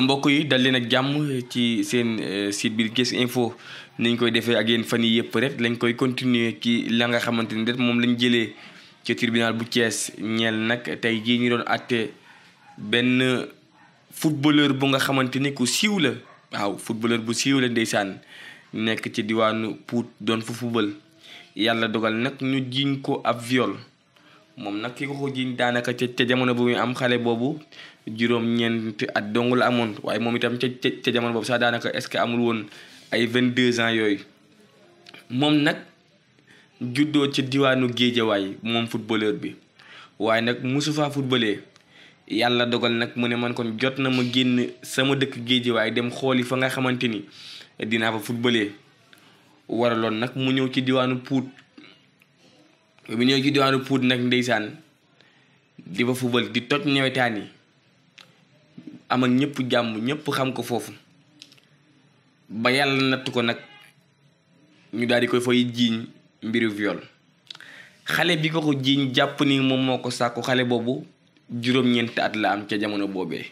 mbokk yi dal nag ak jàmm ci seen euh, site bi Thiès Info ni ñu koy defee ak yéen fan yi yëpp rek lañ koy continuer ci la nga xamante ni rek moom lañ jëlee ci tribunal bu cees ñeel nag tey jii ñu doon àtte benn footballeur bu nga xamante ni ku siiw la waaw footballeur bu siiw la ndeysaan nekk ci diwaanu puut doon fa football yàlla dogal nag ñu jiñ ko ab viol moom nag ki ko ko daanaka ca ca jamono bu muy am xale boobu juróom-ñeent at dong la amoon waaye moom itam ca ca jamono boobu sax daanaka est-ce que amul woon ay vingt-deux ans yooyu moom nag juddoo ci diwaanu Géejawaay moom footballeur bi waaye nag mosu faa footballeur yàlla dogal nag mu ne man kon jot na ma génn sama dëkk Géejawaay dem xooli fa nga xamante ni dinaa fa footballeur waraloon nag mu ñëw ci diwaanu puut bu ñëw ci diwaanu Pout nag ndeysaan di fa fubal di toj ñewetaan yi am ñëpp jàmm ñëpp xam ko foofu ba yàlla natt ko nag ñu daal di koy fay jiiñ mbiru viol xale bi ko ko jiiñ jàpp ni moom moo ko sàkku xale boobu juróom-ñeent at la am ca jamono boobee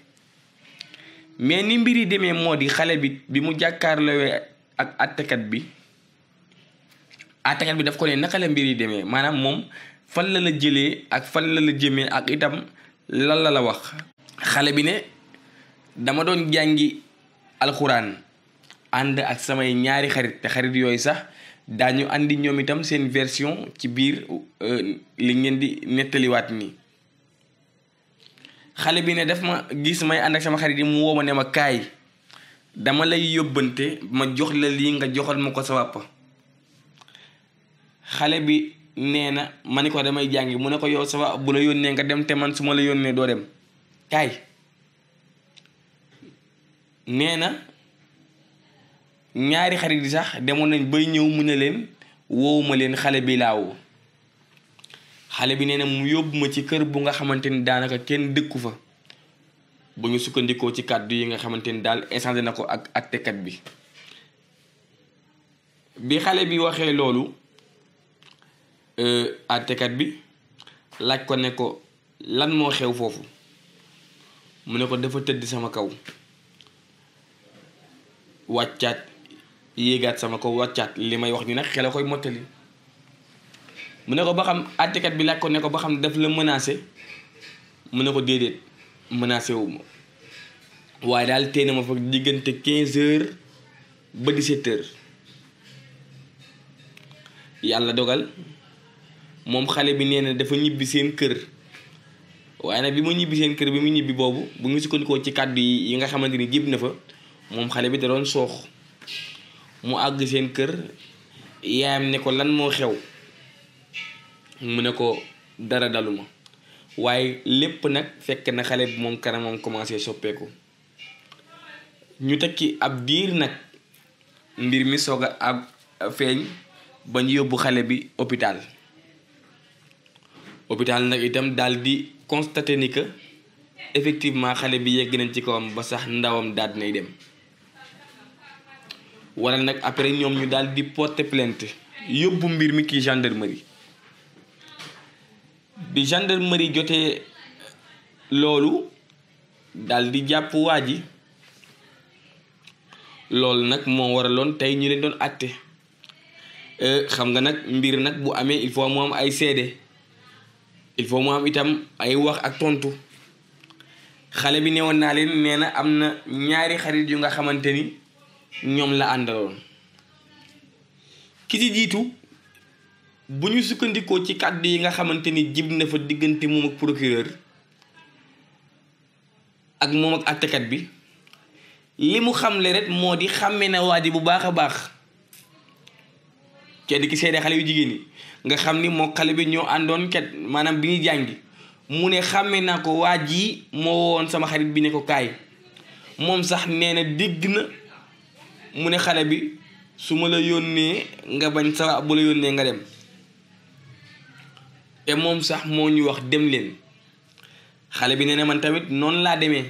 mais ni mbir yi demee moo di xale bi bi mu jàkkaarloo ak attekat bi àttekat bi daf ko ne naka la mbir yi demee maanaam moom fan la la jëlee ak fan la la jëmee ak itam lan la la wax. xale bi ne dama doon jàngi alxuraan ànd ak samay ñaari xarit te xarit yooyu sax daañu àndi ñoom itam seen version ci biir euh, li ngeen di nettaliwaat nii. xale bi ne daf ma gis may ànd ak sama xarit yi mu woo ma ne ma kaay dama lay yóbbante ma jox la lii nga joxal ma ko sa papa xale bi nee na ma ni ko damay jàngi mu ne ko yow sawa bu la yónnee nga dem te man su ma la yónnee doo dem kaay nee na ñaari xarit yi sax demoon nañ bay ñëw mu ne leen wowuma leen xale bi laaw xale bi nee na mu yóbbuma ci kër bu nga xamante ni daanaka kenn dëkku fa bu ñu sukkandikoo ci kàddu yi nga xamante ni daal échangé na ko ak attekat bi bi xale bi waxee loolu Euh, àttekat bi laaj ko ne ko lan moo xew foofu mu ne ko dafa tëdd sama kaw wàccaat yéegaat sama kaw wàccaat li may wax ni nag xel a koy mottali mu ne ko ba xam àttekat bi laaj ko ne ko ba xam daf la menacé mu ne ko déedéet menacé wu ma waaye daal téye na ma fa diggante quinze heures ba dix-sept heures yàlla dogal moom xale bi nee na dafa ñibbi seen kër waaye nag bi mu ñibbi seen kër bi mu ñibbi boobu bu ngi sukkandikoo ci kàddu yi nga xamante ni jib na fa moom xale bi da doon soox mu àgg seen kër yaayam ne ko lan moo xew mu ne ko dara daluma waaye lépp nag fekk na xale bi moom kanamam commencé soppeeku ñu tekki ab diir nag mbir mi soog a ab feeñ ba ñu yóbbu xale bi hôpital hôpital nag itam daal di constaté ni que effectivement xale bi yegg nañ ci kawam ba sax ndawam daal dinay dem wala nag après ñoom ñu daal di porter plainte yóbbu mbir mi kii gendarmerie bi gendarmerie jotee loolu daal di jàpp waa ji loolu nag moo waraloon tey ñu leen doon àtte euh, xam nga nag mbir nag bu amee il faut moom ay seede il faut mu itam ay wax ak tontu xale bi newoon naa leen nee na am na ñaari xarit yu nga xamante ni ñoom la àndaloon ki ci jiitu bu ñu sukkandikoo ci kàddu yi nga xamante ni jib na fa diggante moom ak procureur ak moom ak àttekat bi li mu xamle rek moo di xàmme na waa bu baax a baax kenn ki seede xale yu jigéen yi nga xam ni moo xale bi ñoo àndoon ket maanaam bi ñuy jàngi mu ne xàmmee naa ko waa ji moo woon sama xarit bi ne ko kaay moom sax nee na digg na mu ne xale bi su ma la yónnee nga bañ sawa bu yónnee nga dem te moom sax moo ñu wax dem leen xale bi nee na man tamit noonu laa demee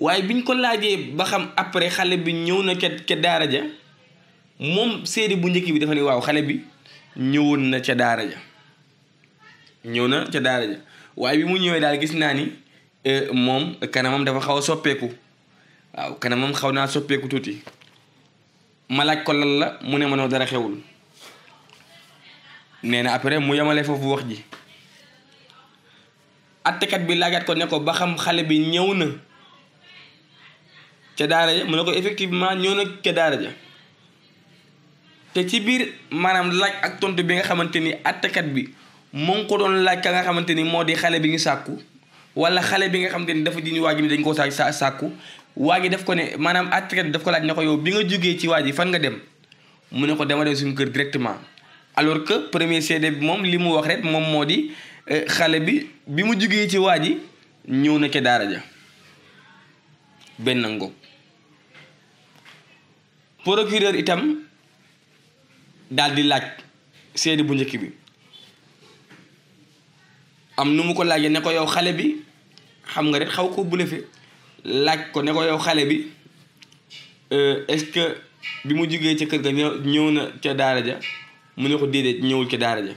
waaye biñ ko laajee ba xam après xale bi ñëw na ket ke daara ja moom séeri bu njëkk bi dafa ne waaw xale bi ñëwoon na ca daara ja ñëw na ca daara ja waaye bi mu ñëwee daal gis naa ni euh, moom kanamam dafa xaw a soppeeku waaw kanamam xaw naa soppeeku tuuti ma laaj ko lan la mu ne ma noo dara xewul nee na après mu yamale foofu wax ji attekat bi laajaat ko ne ko ba xam xale bi ñëw na ca daara ja mu ne ko effectivement ñëw na ca daara ja te ci biir maanaam laaj ak tontu bi nga xamante ni attakat bi mu ngi ko doon laaj ka nga xamante ni moo di xale bi ngi sàkku wala xale bi nga xamante ni dafa jiñ waa ji ni dañ koo saa sa sàkku waa ji daf ko ne maanaam attakat bi daf ko laaj ne ko yow bi nga jógee ci waa yi fan nga dem mu ne ko dama dem suñ kër directement alors que premier CD bi moom li mu wax rek moom moo di euh, xale bi bi mu jógee ci waa ji ñëw na ca daara ja benn ngoog procureur itam daal laaj seede bu njëkk bi am nu mu ko laajee ne ko yow xale bi xam nga rek xaw ko bulefe laaj ko ne ko yow xale bi euh, est-ce que bi mu jugee ca kër ga ñëw na ca daara ja mu ne ko déedéet ñëwul ca daara ja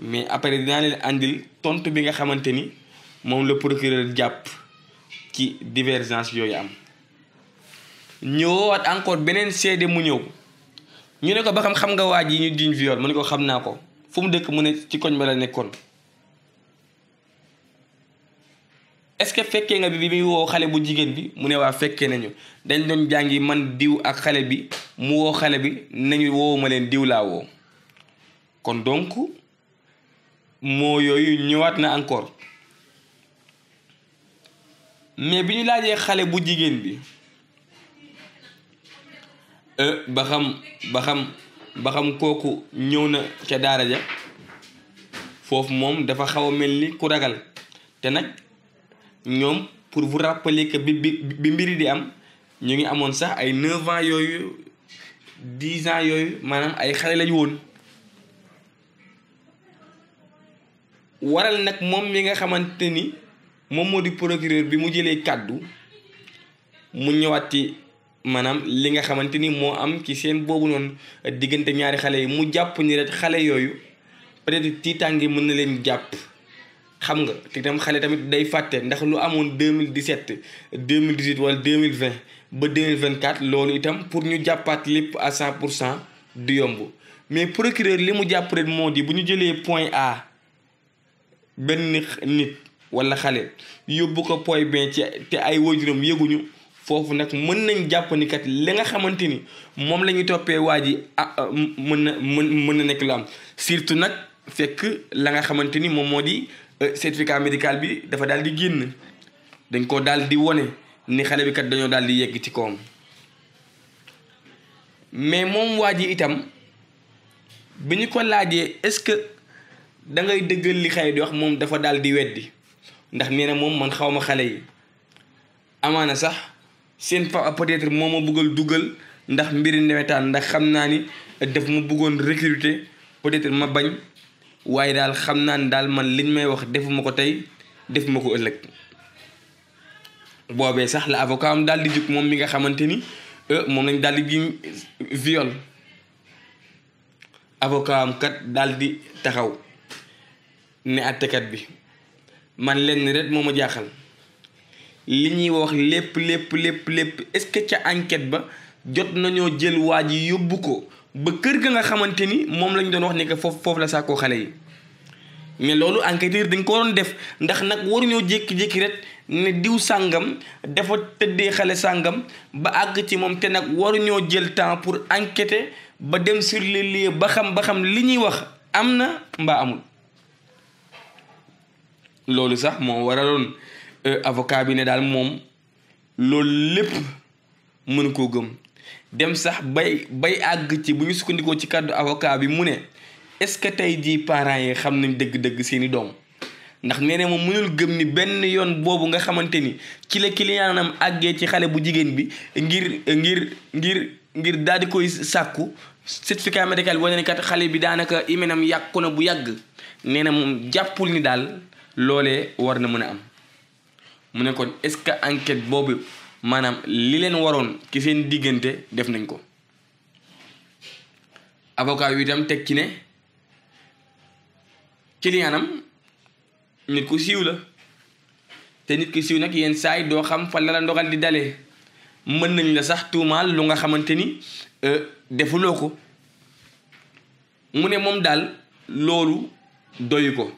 mais après dinaa leen andil tontu bi nga xamante ni moom la procureur jàpp ki divergence yooyu am ñëwaat encore beneen seede mu ñëw ñu ne ko ba xam xam nga waaj yi ñu diñ viol mu ne ko xam naa ko fu mu dëkk mu ne ci koñ ba la nekkoon est-ce que fekkee nga bi bi muy woo xale bu jigéen bi mu ne waa fekkee nañu dañ doon jàngi man diw ak xale bi mu woo xale bi nañu woowu leen diw laa woo kon donc moo yooyu ñëwaat na encore mais bi ñu laajee xale bu jigéen bi Euh, ba xam ba xam ba xam kooku ñëw na ca daara ja foofu moom dafa xaw a mel ni ku ragal te nag ñoom pour vous rappeler que bi bi bi mbiri di am ñu ngi amoon sax ay neuf ans yooyu dix ans yooyu maanaam ay xale lañu woon waral nag moom mi nga xamante ni moom moo di procureur bi mu jëlee kàddu mu ñëwaat maanaam li nga xamante ni moo am ci seen boobu noonu diggante ñaari xale yi mu jàpp ni rek xale yooyu peut-être ngi mën na leen jàpp xam nga te tam xale tamit day fàtte ndax lu amoon 2017 2018 wala 2020 ba 2024 loolu itam pour ñu jàppaat lépp à 100 pour cent du yomb mais procureur li mu jàpp rek moo di bu ñu jëlee point A benn nit wala xale yóbbu ko point B ci te ay waajuram yëguñu foofu nag mën nañ jàpp ni kat li nga xamante ni moom la ñuy toppee waa ji ah, ah mën na mën mën na nekk la am surtout nag fekk la nga xamante ni moom moo di euh, certificat médical bi dafa daal di génn dañ ko daal di wone ni xale bi dañoo daal di yegg kawam mais moom waa ji itam bi ñu ko laajee est-ce que da ngay dëggal li xale di wax moom dafa daal di weddi ndax nee na moom man xaw ma xale yi amaana sax. seen pa peut moo ma bëggal duggal ndax mbiri nawetaan ndax xam naa ni daf ma buggoon recruter peut-être ma bañ waaye daal xam naa ni daal man liñ may wax defuma ko tey defuma ko ëllëg boobee sax la avocat dal daal di jóg moom mi nga xamante ni e, moom lañ daal di giñ viol avocat kat dal di taxaw ne àttekat bi man lenn rek moo ma jaaxal li ñuy wax lépp lépp lépp lépp est-ce que ca enquête ba jot nañoo jël waa ji yóbbu ko ba kër ga nga xamante ni moom lañ doon wax ne foofu foofu la sàkkoo xale yi mais loolu enquêteur dañ ko doon def ndax nag waruñoo jékki-jékki rek ne diw sàngam dafa tëddee xale sàngam ba àgg ci moom te nag waruñoo jël temps pour enquêter ba dem sur les lieux ba xam ba xam li ñuy wax am na mbaa amul loolu sax moo waraloon Euh, avocat bi ne daal moom loolu lépp mën koo gëm dem sax bay bay àgg ci bu ñu sukkandikoo ci kàddu avocat bi mu ne est-ce que tey jii parents yi xam nañ dëgg-dëgg seeni doom ndax nee na moom mënul gëm ni benn yoon boobu nga xamante ni ci la clientam àggee ci xale bu jigéen bi ngir ngir ngir ngir daal di koy sàkku certificat médical bi wane ne kat xale bi daanaka imenam yàqu na bu yàgg nee na moom jàppul ni daal loole war na mën a am mu ne ko est-ce que enquête boobu maanaam li leen waroon ki seen diggante def nañ ko avocat bi itam teg ci ne clientam nit ku siiw la te nit ku siiw nag yenn saa yi doo xam fan la la ndogal di dalee mën nañ la sax tuumaal lu nga xamante ni euh, defuloo ko mu ne moom daal loolu doyu ko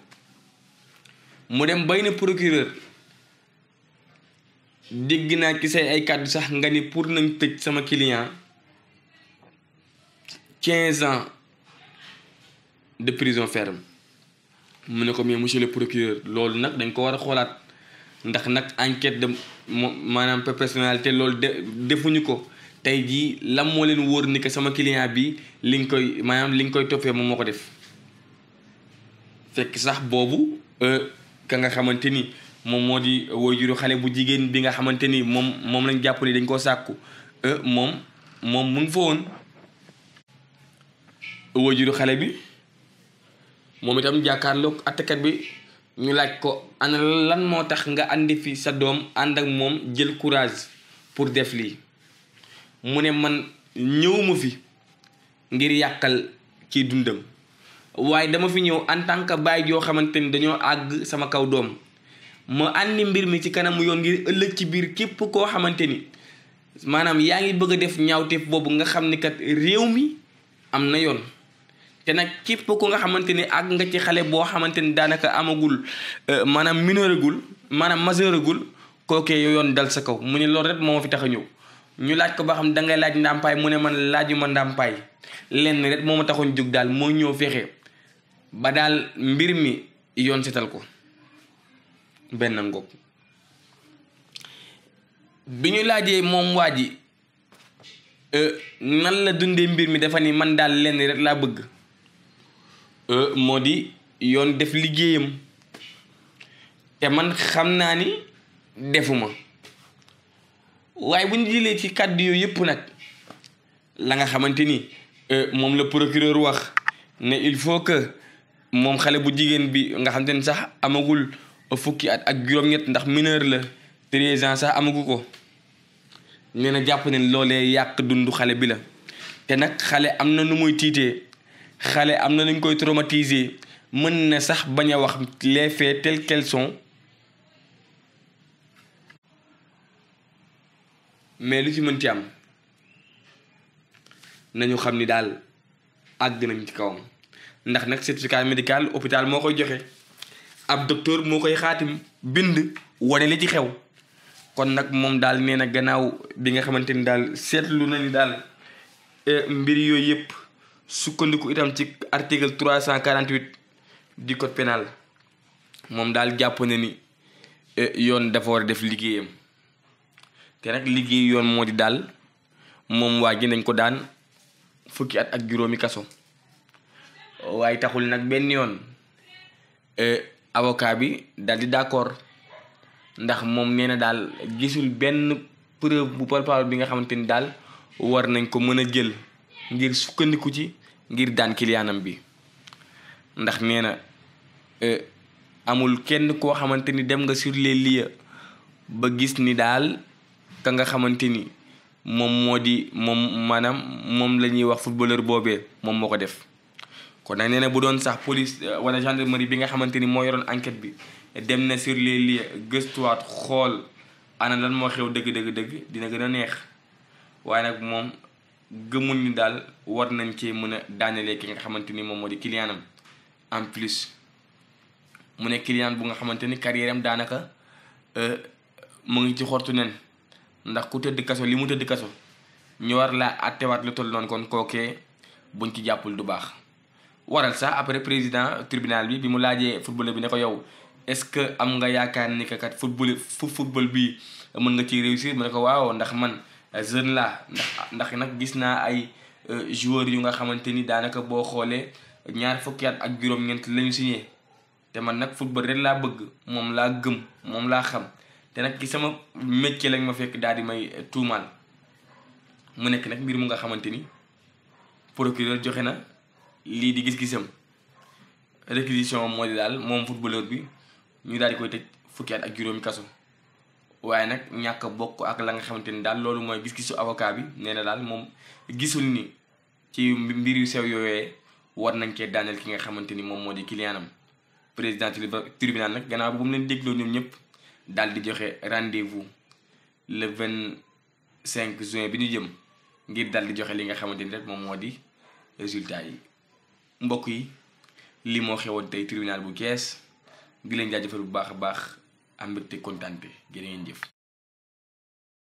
mu dem bay na procureur dégg naa ci say ay kàddu sax nga ni pour nañ tëj sama client quinze ans de prison ferme mu ne ko mais monsieur le procureur loolu nag dañ ko war a xoolaat ndax nag enquête de maanaam personnalité loolu de defuñu ko tey jii lan moo leen wóor ni que sama client bi li nga koy maanaam li nga koy toppee moom moo ko def fekk sax boobu euh, ka nga xamante ni moom moo di waajuru xale bu jigéen bi nga xamante ni moom moom lañ jàpp ni dañ koo sàkku euh, moom moom mu ngi fa woon waajuru xale bi moom itam jàkkaarloog attakat bi ñu laaj ko ana lan moo tax nga andi fi sa doom ànd ak moom jël courage pour def lii mu ne man ñëwuma fi ngir yàqal ci dundam waaye dama fi ñëw en tant que baay joo xamante ni dañoo àgg sama kaw doom ma àndi mbir mi ci kanamu yoon ngir ëllëg ci biir képp koo xamante ni maanaam yaa ngi bëgg a def ñaaw ñaawteef boobu nga xam ni kat réew mi am na yoon te nag képp ku nga xamante ni ak nga ci xale boo xamante ni daanaka amagul euh, maanaam mineuragul maanaam majeuragul kookee yoon dal sa kaw mu ne loolu rek moo ma fi tax a ñëw ñu laaj ko ba xam da ngay laaj ndàmpaay mu ne man laaju ma ndàmpaay lenn rek moo ma taxuñ jóg daal moo ñëw fexe ba daal mbir mi yoon setal ko benn ngoog bi ñu laajee moom waa ji euh, nan la dundee mbir mi dafa ni man daal lenn rek laa bëgg euh, moo di yoon def liggéeyam te man xam naa ni defuma waaye bu ñu jëlee ci kàddu yooyu yëpp nag la nga xamante ni euh, moom la procureur wax ne il faut que moom xale bu jigéen bi nga xam ni sax amagul ba fukki at ak juróom-ñett ndax mineur la treize ans sax amagu ko nee na jàpp ne loole yàq dundu xale bi la te nag xale am na nu muy tiite xale am na nuñ koy traumatiser mën na sax bañ a wax les faits tels qu'ils mais lu ci mën ci am nañu xam ni daal àgg nañ ci kawam ndax nag certificat médical hôpital moo koy joxe ab docteur moo koy xaatim bind wane li ci xew kon nag moom daal nee na gannaaw bi nga xamante ni daal seetlu na ni daal e, mbir yooyu yëpp sukkandiku itam ci article trois cent quarante-huit di code pénal moom daal jàpp na ni e, yoon dafa war a def liggéeyam te nag liggéey yoon moo di daal moom waa ji nañ ko daan fukki at ak juróomi kaso waaye taxul nag benn yoon e, avocat bi daal di d'accord ndax moom nee na daal gisul benn preuve bu palpable bi nga xamante ni daal war nañ ko mën a jël ngir sukkandiku ci ngir daan kiliyaanam bi ndax nee na e, amul kenn koo xamante ni dem nga sur les lieux ba gis ni daal ka nga xamante ni moom moo di moom maanaam moom la ñuy wax footballeur boobee moom moo ko def kon nag nee bu doon sax police euh, wala gendarmerie bi nga xamante ni moo yoroon enquête bi dem na sirle lii gëstuwaat xool ana lan moo xew dëgg dëgg dëgg dina gën a neex waaye nag moom gëmul ni daal war nañ ci mën a daanelee ki nga xamante ni moom moo di client am plus mu ne client bu nga xamante ni carrière am daanaka euh, mu ngi ci xortu nen ndax ku tëdd kaso li mu tëdd kaso ñu war laa àttewaat lu toll noonu kon kookee buñ ki jàppul du baax waral sax après président tribunal bi bi mu laajee footballeur bi ne ko yow est-ce que am nga yaakaar ni que kat football fu football bi mën nga ci réussir mu ne ko waaw ndax jeune la ndax ndax nag gis naa ay euh, joueurs yu nga xamante ni daanaka boo xoolee ñaar fukki ak juróom-ñeent la ñu te man nag football rek laa bëgg moom laa gëm moom laa xam te nag ki sama métier lañ ma fekk daal di may tuumaal mu nekk nag mbir mu nga xamante ni procureur joxe na. lii di gis-gisam réquisition moo di daal moom footballeur bi ñu daal di koy tëj fukki at ak juróomi kaso waaye nag ñàkk bokk ak la nga xamante ni daal loolu mooy gis-gisu avocat bi nee na daal moom gisul ni ci mbir yu sew yooyee war nañ cee daaneel ki nga xamante ni moom moo di clientam président tribunal nag gannaaw bu mu leen dégloo ñoom ñëpp dal di joxe rendez-vous le vingt cinq juin bi ñu jëm ngir daal di joxe li nga xamante ni rek moom moo di résultat yi. mbokk yi lii moo xewoon tey tribunal bu Thiès di leen jaajëfal bu baax a baax am mbégte kontaan te jërë jëf.